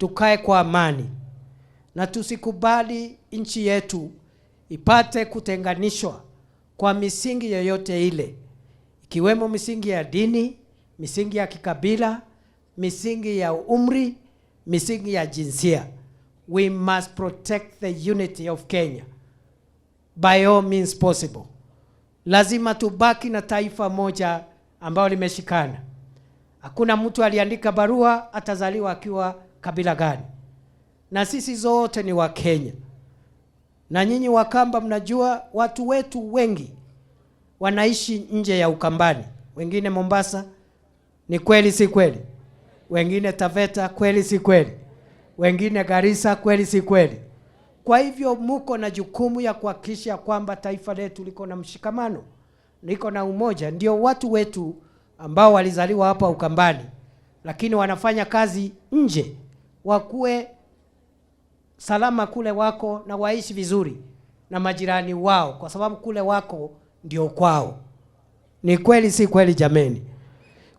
tukae kwa amani na tusikubali nchi yetu ipate kutenganishwa kwa misingi yoyote ile, ikiwemo misingi ya dini, misingi ya kikabila, misingi ya umri, misingi ya jinsia. We must protect the unity of Kenya by all means possible. Lazima tubaki na taifa moja ambayo limeshikana. Hakuna mtu aliandika barua atazaliwa akiwa kabila gani, na sisi zote ni Wakenya. Na nyinyi Wakamba mnajua watu wetu wengi wanaishi nje ya Ukambani, wengine Mombasa. Ni kweli si kweli? Wengine Taveta, kweli si kweli? Wengine Garissa, kweli si kweli? Kwa hivyo muko na jukumu ya kuhakikisha kwamba taifa letu liko na mshikamano, liko na umoja. Ndio watu wetu ambao walizaliwa hapa Ukambani, lakini wanafanya kazi nje wakuwe salama kule wako na waishi vizuri na majirani wao, kwa sababu kule wako ndio kwao. Ni kweli, si kweli jameni?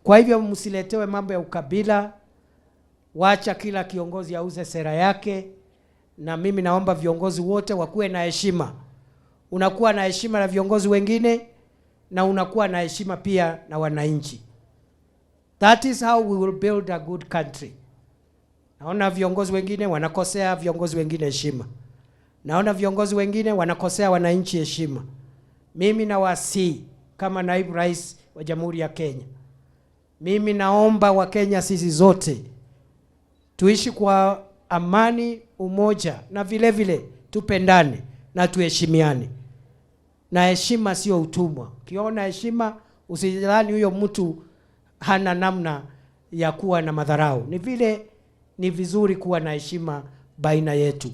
Kwa hivyo msiletewe mambo ya ukabila. Wacha kila kiongozi auze sera yake, na mimi naomba viongozi wote wakuwe na heshima. Unakuwa na heshima na viongozi wengine na unakuwa na heshima pia na wananchi. That is how we will build a good country. Naona viongozi wengine wanakosea viongozi wengine heshima. Naona viongozi wengine wanakosea wananchi heshima. Mimi nawasihi kama naibu rais wa Jamhuri ya Kenya, mimi naomba Wakenya sisi zote tuishi kwa amani, umoja na vile vile tupendane na tuheshimiane, na heshima sio utumwa. Ukiona heshima usidhani huyo mtu hana namna ya kuwa na madharau, ni vile ni vizuri kuwa na heshima baina yetu.